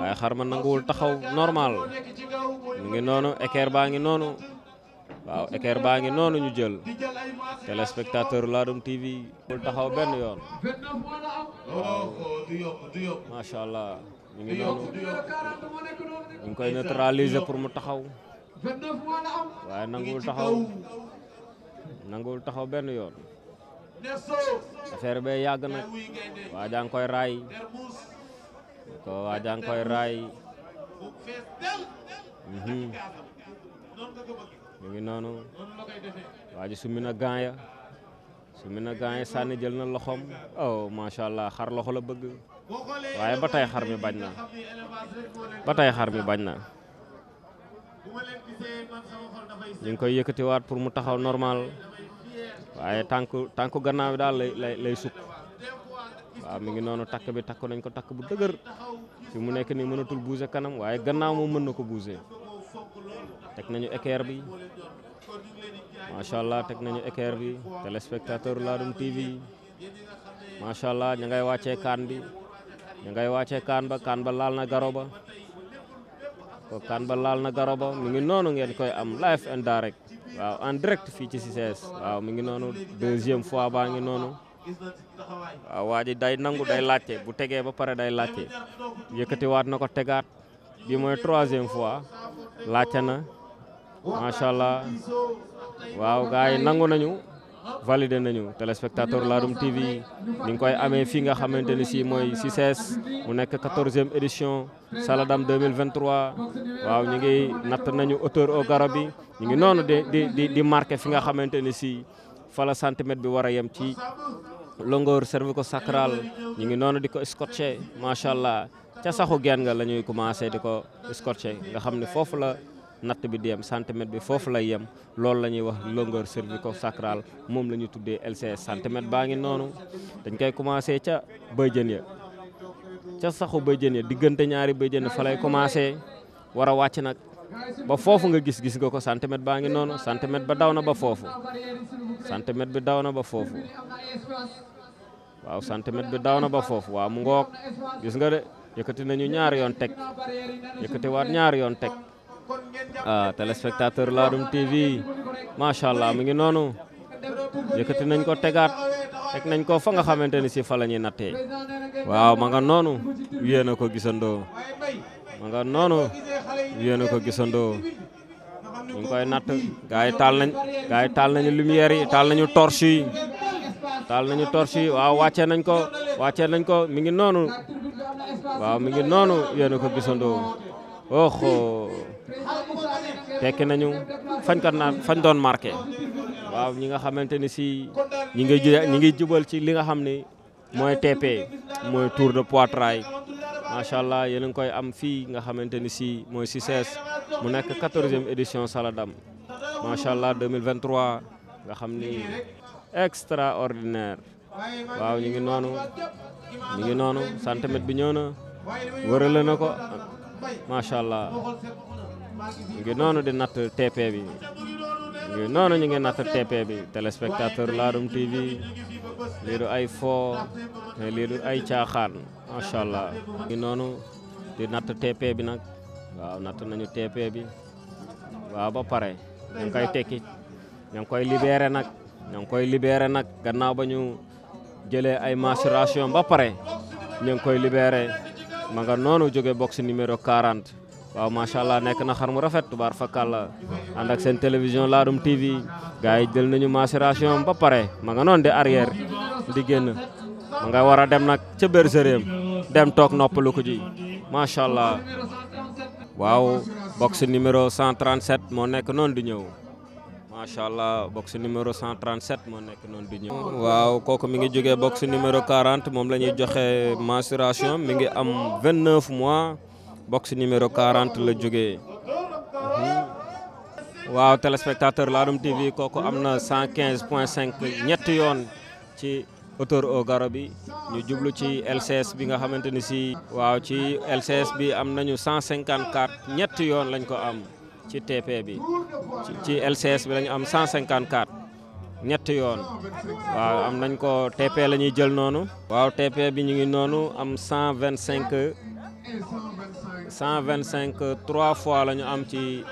waaye xar ma nanguwul taxaw normal mu ngi noonu équerre baa ngi noonu waaw équerre baa ngi noonu ñu jël téléspectateur Ladoum TV wul taxaw benn yoon waaw oh, oh, macha allah mu ngi noonu ñu ngi koy neutraliser pour mu taxaw waaye nanguwul taxaw nanguwul taxaw benn yoon affaire bee yàgg na waajaa ngi koy raay ko waajaa koy raay mhm. mu ngi noonu waa ji summi na gan summi na gan sànni jël na loxoom oh macha allah xar loxo la bëgg waaye ba tey xar mi bañ na ba tey xar mi bañ na ñu ngi koy yëkkatiwaat pour mu taxaw normal waaye tànk tànku gannaaw bi daal lay lay sukk waaw mi ngi noonu takk bi takk nañ ko takk bu dëgër fi mu nekk nii mënatul bouger kanam waaye gannaaw moom mën na ko bouger teg nañu équerre bi macha allah teg nañu équerre bi téléspectateur Ladoum TV macha allah ña ngay wàccee kaan bi ña ngay wàccee kaan ba kaan ba laal na garo ba ko kan ba laal na garoba mi ngi noonu ngeen koy am live and direct waaw en direct fii ci CCS waaw mi ngi noonu deuxième fois baa ngi noonu waaw waa ji day nangu day laajte bu tegee ba pare day laajte yëkkatiwaat na ko tegaat bi mooy troisième fois laajte na macha allah waaw gars nangu nañu validé nañu téléspectateur Ladoum TV ni nga koy amee fii nga xamante ni si mooy CICES mu nekk 14e édition Saladam 2023 waaw ñu ngi natt nañu hauteur au garab bi ñu ngi noonu di di di marqué fi nga xamante ni si fala la bi war a yem ci longueur cervico sacral ñu ngi noonu di ko scotché macha allah ca saxu geen nga la ñuy commencé di ko scotché nga xam ne foofu la. natt bi di yem bi foofu lay yem loolu la ñuy wax longueur cervico-sacrale moom la ñu tuddee LCS centimètre baa ngi noonu dañ koy commencé ca bëjjën ya ca saxu bëjjën ya diggante ñaari bëjjën ya fa lay commencé war a wàcc nag ba foofu nga gis gis nga ko centimètre baa ngi noonu centimètre ba daw na ba foofu centimètre bi daw na ba foofu waaw centimètre bi daw na ba foofu waaw mu ngoog gis nga de yëkkati nañu ñaari yoon teg yëkkati waat ñaari yoon teg Ah, téléspectateur Ladoum TV macha allah mu ngi noonu yëkkati nañ ko tegaat teg nañ ko fa nga xamante ni si fa la ñuy nattee waaw ma nga noonu yéen a ko gisandoo ma nga noonu yéen ko gisandoo ñu ngi koy natt gars taal nañ gars yi taal nañu lumière yi taal nañu torche yi taal nañu torche yi waaw wàccee nañ ko wàccee nañ ko mi ngi noonu waaw mi ngi noonu yéen ko gisandoo tekki nañu fañ ko naan fañ doon marqué waaw ñi nga xamante ni si ñi ngi ñi ngi jubal ci li nga xam ni mooy TP mooy tour de poitrail macha allah yéen a ngi koy am fii nga xamante ni si mooy si sees mu nekk quatorzième édition Saladam macha allah 2023 nga xam ni extraordinaire waaw ñu ngi noonu ñu ngi noonu centimètre bi ñëw na wërale na ko macha allah. ñu noonu di natt TP bi ñu ngi noonu ñu ngi natt TP bi téléspectateur Ladoum TV lii du ay foo te lii ay caaxaan macha allah. noonu di natt TP bi nag waaw natt nañu TP bi waaw ba pare ñu ngi koy tekki ñu ngi koy libéré nag ñu ngi koy libéré nag gannaaw ba ñu jëlee ay mensuration ba pare ñu ngi koy libeere ma noonu jóge bokk si numéro 40. waaw macha allah nekk na xar mu rafet baar fakkal la ànd ak seen télévision Ladoum TV gars yi jël nañu maturation ba pare ma nga noonu di arrière di génn ma nga war a dem nag ca bergerie dem toog noppalu ko ji macha allah waaw box numéro 137 moo nekk noonu di ñëw macha allah box numéro 137 moo nekk noonu di ñëw. waaw kooku mi ngi jógee box numéro 40 moom la ñuy joxe maturation mi ngi am 29 mois. box numéro 40 la jógee waaw téléspectateur Ladoum TV kooku am na 115 point 5 ñetti yoon ci hauteur au garrot bi ñu jublu ci LCS bi nga xamante ni si waaw ci LCS bi am nañu 154 ñetti yoon lañ ko am ci TP bi ci LCS bi lañu am 154 ñetti yoon waaw am nañ ko TP la jël noonu waaw TP bi ñu ngi noonu am cent vingt cinq trois fois lañu am ci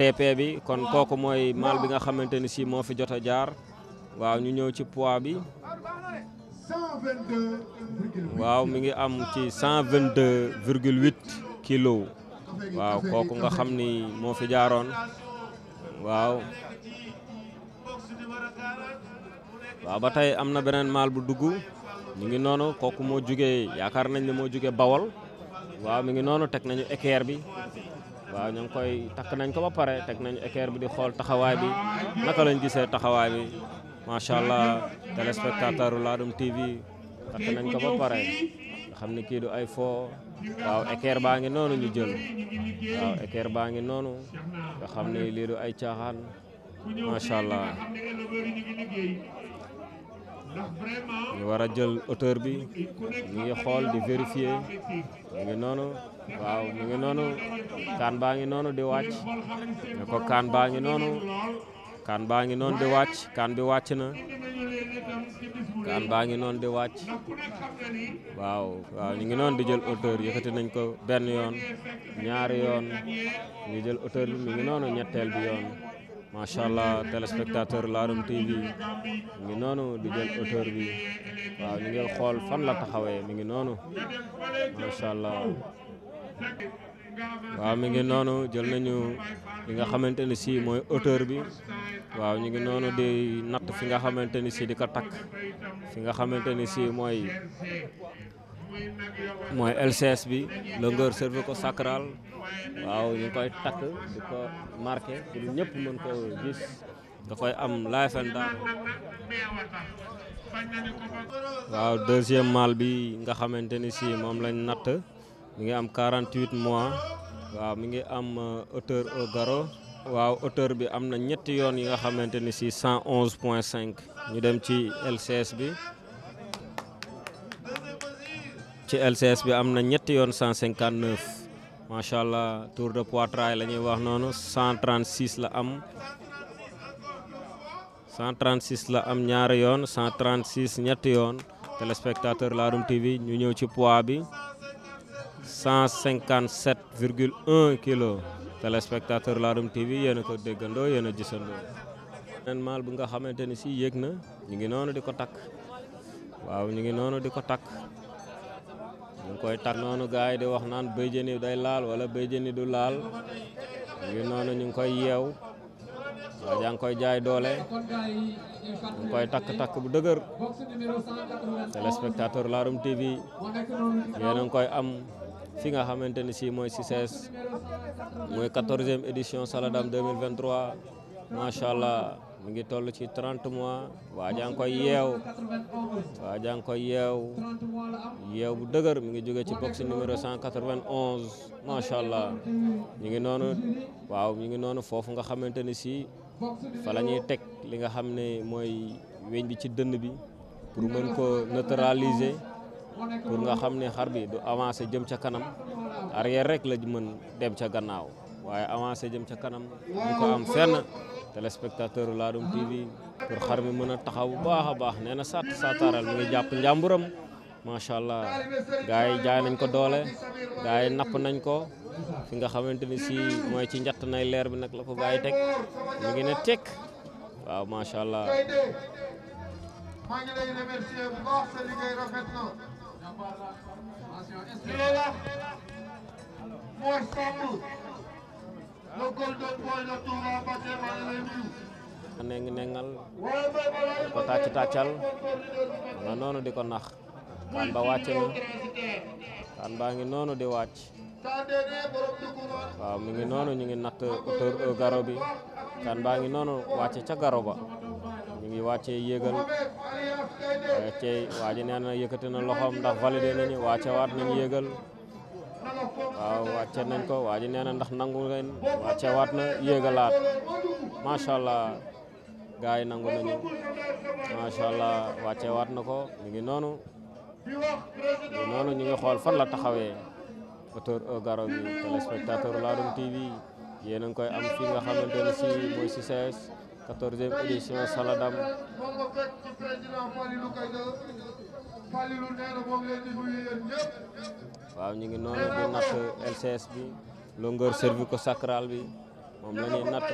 TP bi kon kooku mooy maal bi nga xamante ni si moo fi jot jaar waaw ñu ñëw ci poids bi waaw mi ngi am ci cent vingt deux virgule huit kilos waaw kooku nga xam ni moo fi jaaroon waaw waaw ba tey am na beneen maal bu dugg ñu ngi noonu kooku moo juge yaakaar nañ ne moo jugee Bawol waaw mi ngi noonu teg nañu équerre bi waaw ñu koy takk nañ ko ba pare teg nañu équerre bi di xool taxawaay bi naka lañ gisee taxawaay bi macha allah téléspectateur Ladoum TV takk nañ ko ba pare nga xam ne kii ay fo waaw équerre baa ngi noonu ñu jël waaw équerre baa ngi noonu nga xam ne lii ay caaxaan macha allah. ñu war a jël auteur bi ñu ngi xool di vérifier mu noonu waaw mu ngi noonu kaan baa ngi noonu di wàcc ne ko kaan baa ngi noonu kaan baa ngi noonu di wàcc kaan bi wàcc na kaan baa ngi noonu di wàcc waaw waaw ñu ngi noonu di jël auteur yëkkati nañ ko benn yoon ñaari yoon ngi jël auteur bi mu noonu ñetteel bi yoon macha allah téléspectateur Ladoum TV mi ngi noonu di jël auteur bi waaw ñu xool fan la taxawee mi ngi noonu macha allah waaw mi ngi noonu jël nañu li nga xamante ni si mooy auteur bi waaw ñu ngi noonu di natt fi nga xamante ni sii di ko takk fi nga xamante ni sii mooy mooy LCS bi longueur cervico sacral waaw ñu koy takk di ko marqué pour ñëpp mën ko gis da koy am laayfen daal waaw deuxième mâle bi nga xamante ni si moom lañ natt mu ngi am 48 mois waaw mi ngi am hauteur euh, au garrot waaw hauteur bi am na ñetti yoon yi nga xamante ni si 111 point ñu dem ci LCS bi ci LCS bi am na ñetti yoon 159 macha allah tour de poitrail la ñuy wax noonu 136 la am 136 la am ñaari yoon 136 ñetti yoon téléspectateur Ladoum TV ñu ñëw ci poids bi 157 virgule 1 kilo téléspectateur Ladoum TV yéen a ko déggandoo yéen a gisandoo. beneen maal bu nga xamante ni si na ñu ngi noonu di ko takk waaw ñu ngi noonu di ko takk. ñu koy tàgg noonu gars yi di wax naan béjjën yi day laal wala béjjën yi du laal ngir noonu ñu ngi koy yeew waa jaa ngi koy jaay doole ñu koy takk-takk bu dëgër téléspectateur Ladoum TV yéen a ngi koy am fi nga xamante ni si mooy CICES mooy quatorzième édition Saladam 2023 macha allah. mu ngi toll ci 30 mois waajaa ngi koy yeew waajaa ngi koy yeew yeew bu dëgër mi ngi jóge ci box numéro 191 macha allah ñu ngi noonu waaw ñu ngi noonu foofu nga xamante ni si fa la ñuy teg li nga xam ne mooy weñ bi ci dënn bi pour mën ko neutraliser pour nga xam ne xar bi du avancer jëm ca kanam arrière rek la mën dem ca gannaaw waaye avancer jëm ca kanam du am fenn. téléspectateur Ladoum TV pour xar mi mën a taxaw bu baax a baax nee na sàtt sàttaaral mu ngi jàpp njàmburam macha allah gars yi jaay nañ ko doole gars yi napp nañ ko fi nga xamante ni si mooy ci njatt nay leer bi nag la ko gars yi teg mu ngi ne tekk waaw macha le ngi lay nuyu. nengal di ko tàcc tàccal nga noonu di ko nax kaan ba wàcc na baa ngi noonu di wàcc waaw mi ngi noonu ñu ngi natt euh, garo bi kaan baa ngi noonu wàcce ca garo ba ñu ngi wàccee yéegal waaye tey waa ji nee na yëkkati na loxoom ndax validé nañu wàcce waat nañu yéegal waaw wàcce nañ ko waa ji nee na ndax nangu ngeen wàcce waat na yéegalaat macha allah gars yi nangu nañu macha allah wàcce waat na ko mi ngi noonu mi noonu ñu ngi xool fan la taxawee auteur au garo bi téléspectateur Ladoum TV yéen a ngi koy am fi nga xamante ne si mooy si CES quatorzième Saladam waaw ñu ngi noonu di natt LCS bi longueur cervico sacral bi moom la ñuy natt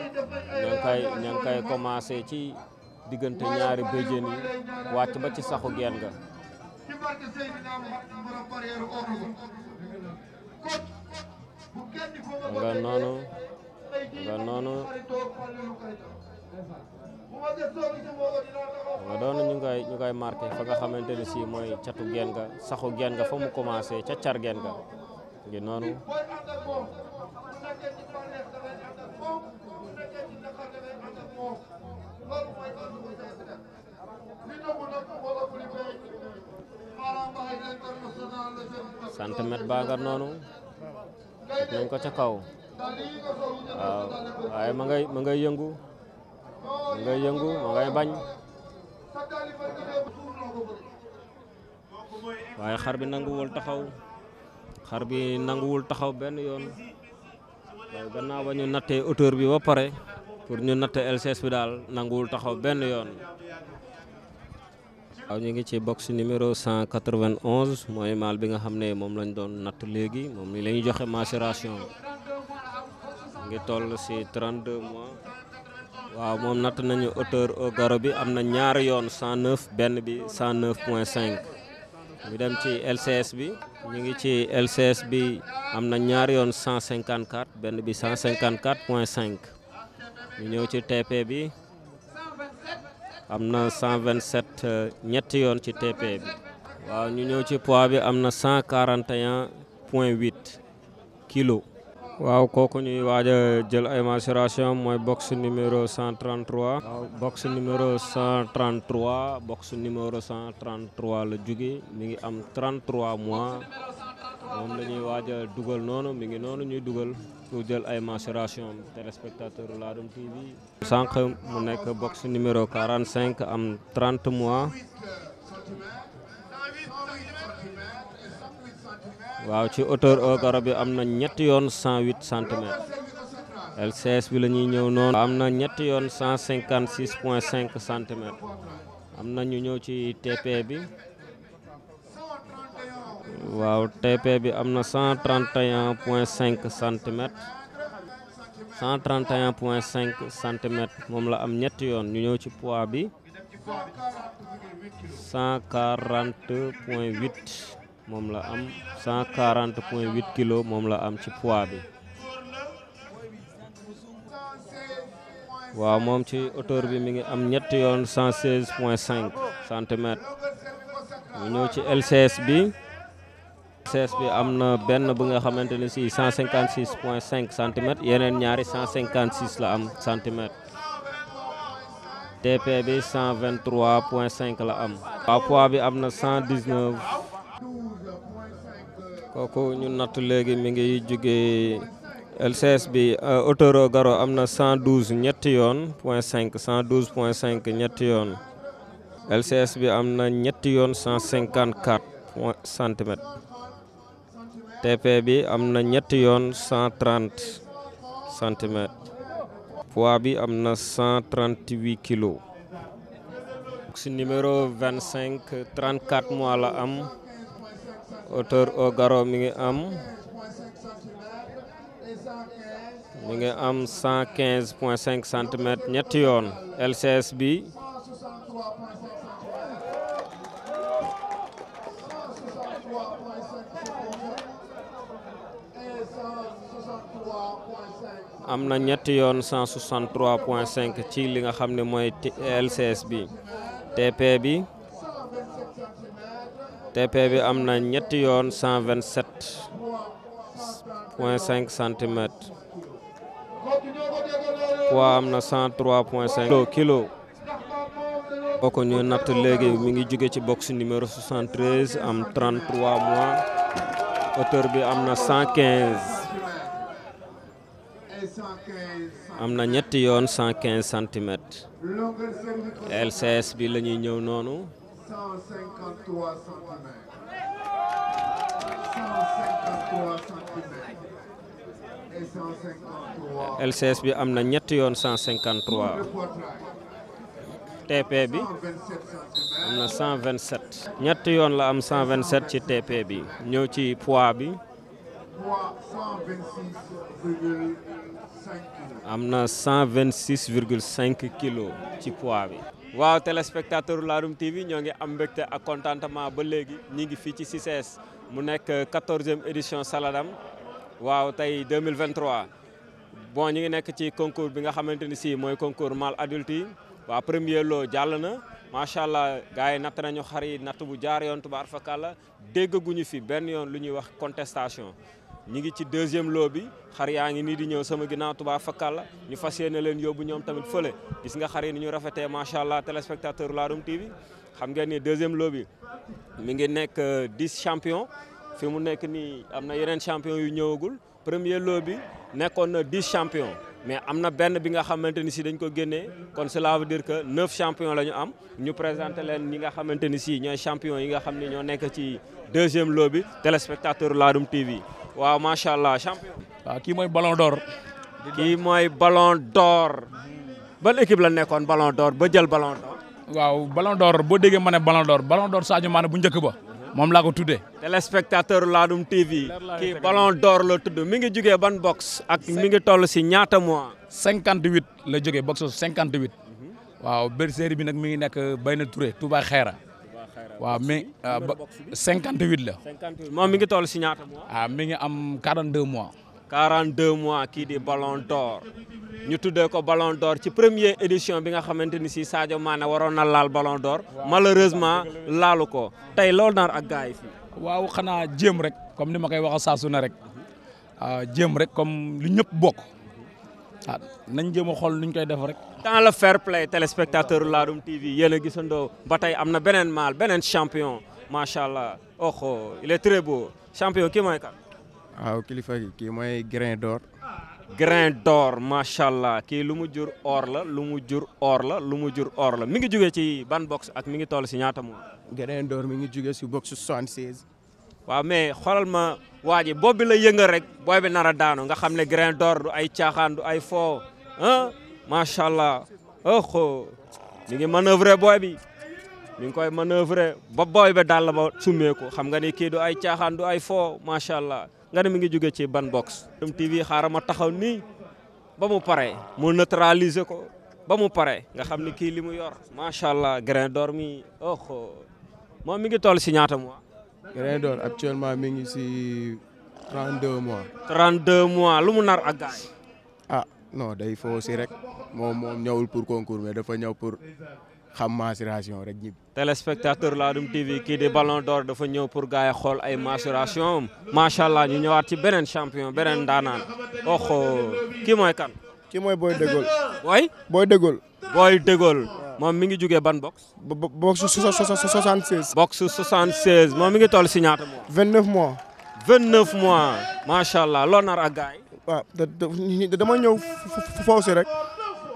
ña ngi koy commencé ci diggante ñaari béjjén yi wàcc ba ci saxu geen nga. nga noonu nga noonu. waaw doon na ñu koy ñu fa nga xamante ni si mooy catu geen ga saxu geen ga fa mu commencé ca car geen ga ngi noonu centimètre baa nga noonu nañ ko ca kaw waaw ma ngay yëngu mu ngay yëngu mu ngay bañ waaye xar bi nanguwul taxaw xar bi nanguwul taxaw benn yoon ba naa ba ñu nattee hauteur bi ba pare pour ñu natte LCS bi daal nanguwul taxaw benn yoon waaw ñu ngi ci box numéro 191 mooy maal bi nga xam ne moom lañ doon natt léegi moom ni la ñu joxe macération ngi toll si 32 mois waaw moom natt nañu hauteur au bi am na ñaar yoon 109 benn bi 109 point 5 ñu dem ci LCS bi ñu ngi ci LCS bi am na ñaari yoon 154 benn bi 154 point 5 ñu ñëw ci TP bi am na 127 euh, ñetti yoon ci TP bi waaw ñu ñëw ci poids bi am na 141 point 8 kilo waaw kooku ñuy waaj a jël ay mensuration mooy box numéro 133. waaw box numéro 133 box numéro 133 la jóge mi ngi am 33 mois moom la ñuy waaj a dugal noonu mi ngi noonu ñuy dugal pour jël ay mensuration téléspectateur Ladoum TV. sànq mu nekk box numéro 45 am 30 mois. waaw ci hauteur au garab bi am na ñetti yoon 108 centimètres LCS bi la ñuy ñëw noon am na ñetti yoon 156 point 5 centimètres am na ñu ñëw ci TP bi waaw TP bi am na 131 point 5 centimètres point 5 moom la am ñetti yoon ñu ñëw ci poids bi 140 moom la am 140 point 8 kilos moom la am ci poids bi waaw moom ci hauteur bi mi ngi am ñetti yoon 116 point cinq centimètres ñu ñëw ci LCS bi LCS bi am na benn bu nga xamante ne si 156 point cinq centimètres yeneen ñaari 156 la am centimètres TP bi 123 point cinq la am waaw poids bi am na 119 kooku ñu natt léegi mi ngi jugee LCS bi hauteur euh, Garo am na 112 ñetti yoon point 5 112 point 5 yoon LCS bi am na ñetti yoon 154 point centimètres TP bi am na ñetti yoon 130 centimètres poids bi amna na 138 kilos. si mois la am. hauteur au garrot mi ngi am mi ngi am 115 point 5 centimètres ñetti yoon LCS bi am na ñetti yoon 163 point 5 ci li nga xam ne mooy LCS TP bi TP bi am na ñetti yoon 127 point 5 centimètres poids am na 103 point 5 kilo kilo ko ñu natt léegi mu ngi jóge ci box numéro 73 am 33 mois hauteur bi am na am na ñetti yoon 115 centimètres LCS bi lañuy ñëw noonu 153 bi am na ñetti yoon 153. bi am na ñetti yoon la am 127 ci TP bi ñëw ci poids bi. poids 126,5 am na 126,5 kilos ci poids bi. waaw téléspectateur Ladoum TV ñoo ngi am mbégte ak contentement ba léegi ñi ngi fii ci CICES mu nekk quatorzième édition Saladam waaw tey 2023 bon ñi ngi nekk ci concours bi nga xamante ni si mooy concours mâle adulte yi waa premier loo jàll na macha allah gars yi natt nañu xar yi natt bu jaar yoon tubaar fakàlla déggaguñu fi benn yoon lu ñuy wax contestation ñi ngi ci deuxième lot bi xar yaa ngi nii di ñëw sama ginnaaw tubaab fakkal la ñu fas yéene leen yóbbu ñoom tamit fële gis nga xar yi ni ñu rafetee macha allah téléspectateur Ladoum TV xam ngeen ni deuxième law bi mi ngi nekk 10 euh, champion fi mu nekk nii am na yeneen champion yu ñëwagul premier lot bi nekkoon na 10 champion mais am na benn bi nga xamante ni si dañ ko génnee kon cela veut dire que neuf champions la ñu am ñu présenté leen ñi nga xamante ni si ñooy champions yi nga xam ne ñoo nekk ci deuxième lot bi téléspectateur Ladoum TV waaw macha allah champion. waaw ah, kii mooy Ballon door kii mooy Ballon door ban équipe la nekkoon Ballon door ba jël Ballon waaw Ballon door boo déggee ma ne Ballon d'or Ballon d'or Sadio Mané bu njëkk ba. moom laa ko tuddee. téléspectateur Ladoum TV. kii ballon d'or la tudd mi ngi jugee ban box. ak mi ngi toll si ñaata mois. 58 la jógee box 58. waaw bergerie bi nag mi ngi nekk Bayna Touré Touba Xeera. waaw mais ah, 58 la. 58 moom mi ngi toll si ñaata mois. ah mi ngi am 42 mois. 42 mois kii di Ballon d'Or ñu tuddee ko Ballon d'Or ci premier édition bi nga xamante ni si Sadio Mané waroon na laal Ballon door malheureusement laalu ko tey loolu nar ak gars yi waaw xanaa jéem rek comme ni ma koy waxee saa su ne rek ah, jéem rek comme lu ñëpp bokk a ah, nañ jéem a xool nuñ koy def rek. dans le fair play téléspectateur Ladoum TV yéen a gisandoo ba tey am na beneen maal beneen champion macha allah oh il est très beau champion kii mooy waaw kilifa gi kii mooy grain d'or. grain d'or macha allah kii lu mu jur or la lu mu jur or la lu mu jur or la mi ngi jóge ci ban box ak mi ngi toll si ñaata moom. grain d'or mi ngi jóge si box 76. waaw mais xoolal ma waa ji boobu la yëngal rek booy bi nar a daanu nga xam ne grain d'or du ay caaxaan du ay foo ah macha allah oh mi ngi manoeuvrer booy bi. mi ngi koy manoeuvrer ba booy ba dàll ba summee ko xam nga ni kii du ay caaxaan du ay foo macha allah. nga ne mi ngi jóge ci ban box. Ladoum TV xaaral ma taxaw nii ba mu paree mu neutraliser ko ba mu pare nga xam ni kii li mu yor macha allah grain d'or mi oh moom mi ngi toll si ñaata mois. grain actuellement mi ngi si 32 mois. 32 mois lu mu nar ak gaay ah non day foo si rek moom moom ñëwul pour concours mais dafa ñëw pour. xam mensuration rek ñibbi. téléspectateur Ladoum TV kii di Ballon d'Or dafa ñëw pour gars yi xool ay mensuration am macha allah ñu ñëwaat ci beneen champion beneen daanaan oxo kii mooy kan. kii mooy Boy Dégol. booy. Boy Dégol. Boy Dégol. moom mi ngi jugee ban box. bo box 76. box 76 moom mi ngi toll si ñaata mois. 29 mois. 29 mois macha allah loo nar a gars yi. da dama ñëw foofu si rek.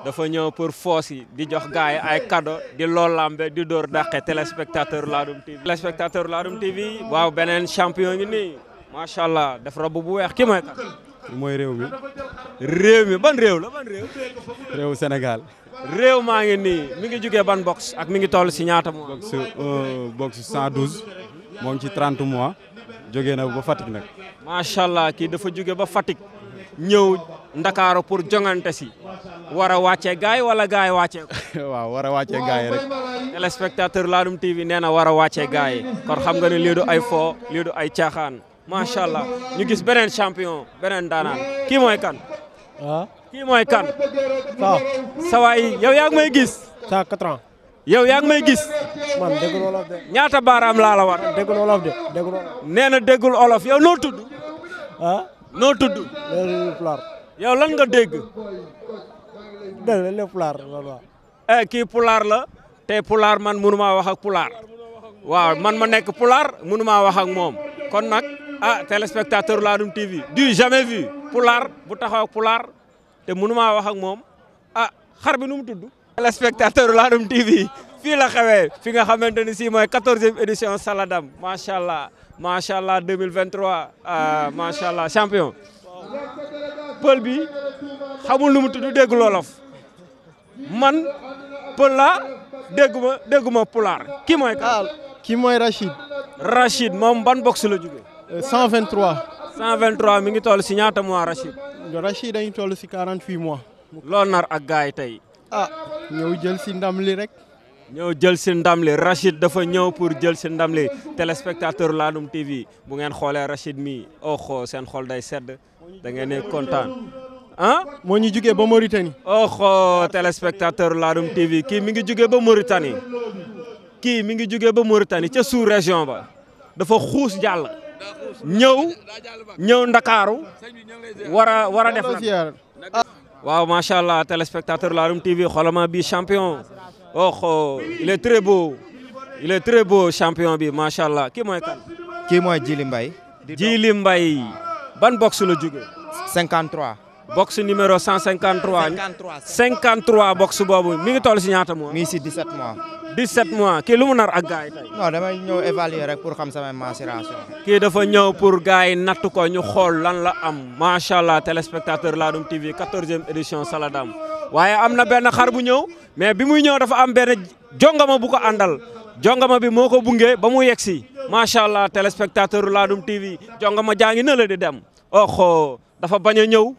dafa ñëw pour foos yi di jox gars yi ay cadeau di lool lambe di dóor dàqe téléspectateur Ladoum TV. téléspectateur Ladoum TV waaw beneen champion ngi nii macha allah def rob bu weex ki may mooy réew mi. réew mi ban réew la ban réew. Sénégal. réew maa ngi nii mi ngi jugee ban box ak mi ngi toll si ñaata mois. box euh, box 112 moo ci 30 mois. jógee na ba Fatick nag. macha allah kii dafa jóge ba Fatick. ñëw Ndakaaru pour jongante si. war a wàccee gaay wala gaay wàccee ko. waaw war a wàccee gaay rek. téléspectateur Ladoum TV nee na war a wàccee gaay kon xam nga ne lii ay foo lii ay caaxaan macha allah ñu gis beneen champion beneen daanaan kii mooy kan. ah kii mooy kan. waaw. sa waay yow yaa ngi may gis. ça quatre yow yaa ngi may gis. man baaraam laa la war. déggul olof de déggul olof. nee na déggul olof yow noo tudd. Ah? tudd. yow lan nga dégg. dëgg la waaw. Eh, kii pulaar la te pulaar man mënumaa wax ak pulaar waaw man ma nekk pulaar mënumaa wax ak moom kon nag ah téléspectateur Ladoum TV du jamais vu pulaar bu taxaw ak pulaar te mënumaa wax ak moom ah xar bi nu mu tudd. téléspectateur Ladoum TV fii la xewee fi nga xamante ni si mooy quatorzième édition Saladam macha allah macha allah 2023 ah, macha allah champion. pël bi xamul nu mu tudd dégg loolof man pël laa dégguma dégguma pulaar kii mooy kan ah, kii mooy Rachid Rachid moom ban box la jóge 123 euh, 123 mi ngi toll si ñaata mois Rachid Rachid dañu toll si 48 mois lool nar ak gars yi tey ah ñëw jël si ndam li rek ñëw jël si ndam li Rachid dafa ñëw pour jël si ndam li téléspectateur Ladoum TV bu ngeen xoolee Rachid mi oh seen xol day sedd da ngeen ne kontaan ah. moo ñu jugee ba Mauritanie. oh téléspectateur Ladoum TV kii mi ngi jugee ba Mauritanie kii mi ngi jugee ba Mauritanie ca sous région ba dafa xuus jàll. ñëw ñëw Ndakaaru war a war a def nag. waaw macha allah téléspectateur Ladoum TV xolama bi champion. oh il est très beau très beau champion bi macha allah kii mooy ban box la jógee. 53. box numéro 153. 53 53 box boobu mi ngi toll si ñaata mois. mi ngi si 17 mois. 17 mois kii lu mu nar ak gars yi tey. non damay ñëw évaluer rek pour xam samay mensuration. kii dafa ñëw pour gars yi natt ko ñu xool lan la am macha allah téléspectateur Ladoum TV 14e édition Saladam waaye am na benn xar bu ñëw mais bi muy ñëw dafa am benn jongama bu ko àndal. jongama bi moo ko bunge ba mu yegsi macha allah téléspectateur Ladoum TV jongama jaa ngi na la di dem oxo dafa bañ a ñëw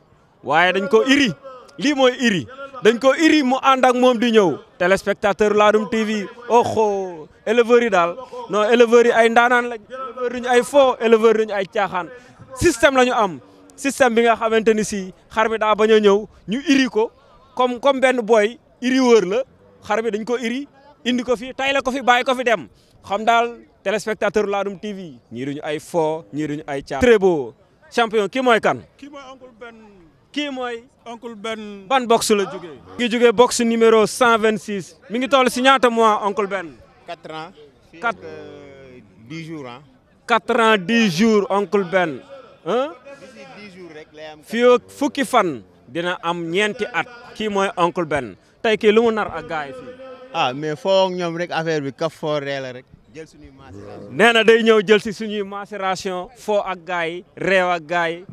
waaye dañ ko iri lii mooy iri dañ ko iri mu ànd ak moom di ñëw téléspectateur Ladoum TV oxo éleveurs yi daal non éleveurs yi ay ndaanaan lañ éleveurs duñu ay foo éleveurs duñu ay caaxaan système lañu am système bi nga xamante ni si xar mi daa bañ a ñëw ñu iri ko comme comme benn booy iri wër la xar mi dañ ko iri indi ko fi tay la ko fi bàyyi ko fi dem xam daal téléspectateur Ladoum TV ñii duñu ay foo ñii ay caa. très beau champion kii mooy kan. kii mooy oncle Ben. kii mooy. oncle Ben. ban box la jógee. mi ngi jógee box numéro 126. mi ngi toll si ñaata mois oncle Ben. 4 ans. 4 10 euh, jours ah. 4 ans 10 jours oncle fukki fan. dina am ñeenti at. kii mooy oncle Ben tey kii lu mu nar ak gars fii. ah mais foo ñoom rek affaire bi kaf foo ree rek jël suñuy macération nee na day ñëw jël si suñuy macération foo ak gaay yi réew ak gaay yi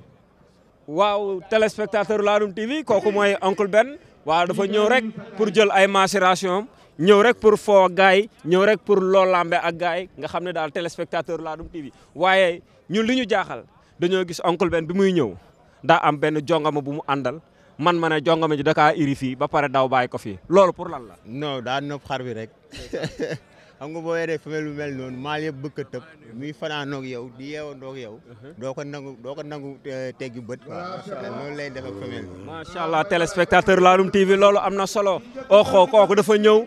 waaw téléspectateur Ladoum TV kooku mooy oncle Ben waa dafa ñëw rek pour jël ay macération am ñëw rek pour foo ak yi ñëw rek pour loolu lambe ak gaay yi nga xam ne daal téléspectateur laadum TV waaye ñun li ñu jaaxal dañoo gis oncle Ben bi muy ñëw daa am benn jongama bu mu àndal man ma ne jongama ji da kaa iri fii ba pare daw bàyyi ko fii loolu pour lan la. non daa nëb xar bi rek xam nga boo yoree femelle lu mel noonu maal yëpp bëgg a tëb muy fanaanoog yow di yeewandoog yow. Uh-huh. doo ko nangu doo ko nangu teggi bët. macha allah loolu lay def ak femelle bi. macha allah téléspectateur Ladoum TV loolu am na solo. oxo kooku dafa ñëw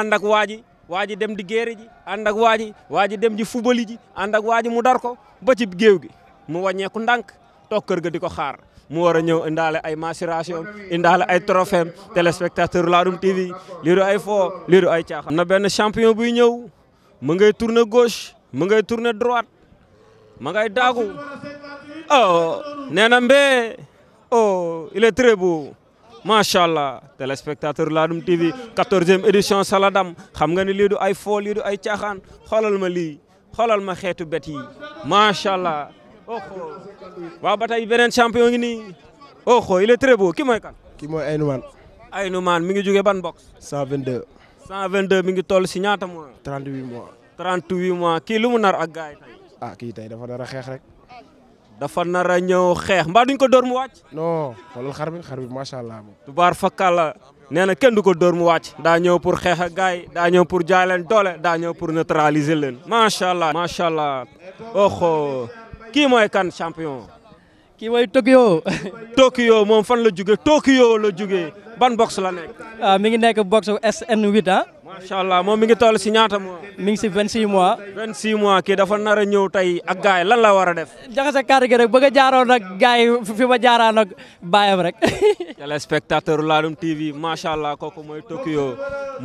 ànd ak waa ji waa ji dem di géere ji ànd ak waa ji waa dem ji fubali ji ànd ak waa mu dar ko ba ci géew gi mu wàññeeku ndànk toog kër ga di ko xaar. mu war a ñëw indaale ay maturation indaale ay trophée téléspectateur Ladoum TV lii du ay fo lii ay caaxaan. na benn champion buy ñëw mu ngay tourner gauche mu ngay tourner droit ma ngay daagu oh nee na mbee oh il est très beau. macha allah téléspectateur Ladoum TV 14e édition Saladam xam nga ni lii du ay foo lii ay caaxaan xoolal ma lii xoolal ma xeetu bet yi macha allah. Oh, oh. waaw ba tey beneen champion ngi nii oh xoo il est très beau ki mooy kan. ki mooy Aynoumane. Aynoumane mi ngi jógee ban box. 122. 122 mi ngi toll si ñaata mois. 38 mois. 38 mois kii lu mu nar ak gars yi tey. ah kii tey dafa nar a xeex rek. dafa nar a ñëw xeex mbaa duñ ko dóor mu wàcc. non xoolal xar bi xar bi macha allah. tubaar fakkaala nee na kenn du ko dóor mu wàcc. daa ñëw pour xeex ak gars yi daa ñëw pour jaay leen doole daa ñëw pour neutraliser leen. macha allah macha allah oxo kii mooy kan champion. kii mooy Tokyo. Tokyo moom fan la jóge Tokyo la jóge ban box la nekk. waaw ah, mi ngi nekk boks SN8 macha allah moom mi ngi toll si ñaata mois. mi ngi si 26 mois. 26 mois kii dafa nara a ñëw tey a gars yi lan la war a def. jaxase kàddu gi rek bëgg a jaaroon ak gars yi fi ma jaaraan ak bàyyam rek. téléspectateur Ladoum TV macha allah kooku mooy Tokyo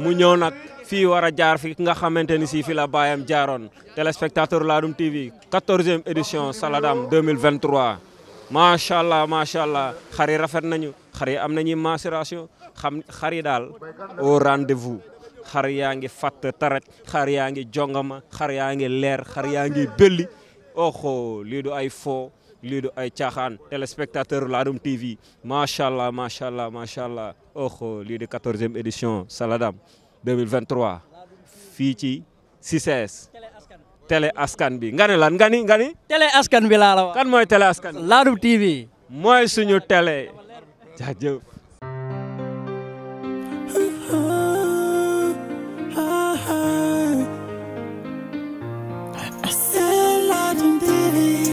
mu ñëw nag fii war a jaar fi nga xamante ni si fi la bàyyam jaaroon téléspectateur Ladoum TV 14e édition Saladam 2023. macha allah macha allah xar yi rafet nañu xar yi am nañu mensuration xam xar yi daal au rendez xar yaa ngi fatt taraj xar yaa ngi jongama xar yaa ngi leer xar yaa ngi belli oxo lii du ay fo lii du ay caaxaan téléspectateur Ladoum TV macha allah macha allah macha allah lii di quatorzième édition Saladam 2023 fii ci CICES e télé askan bi nga ne lan nga ni nga ni télé askan laa la kan mooy télé askan bi TV mooy suñu télé jaajëf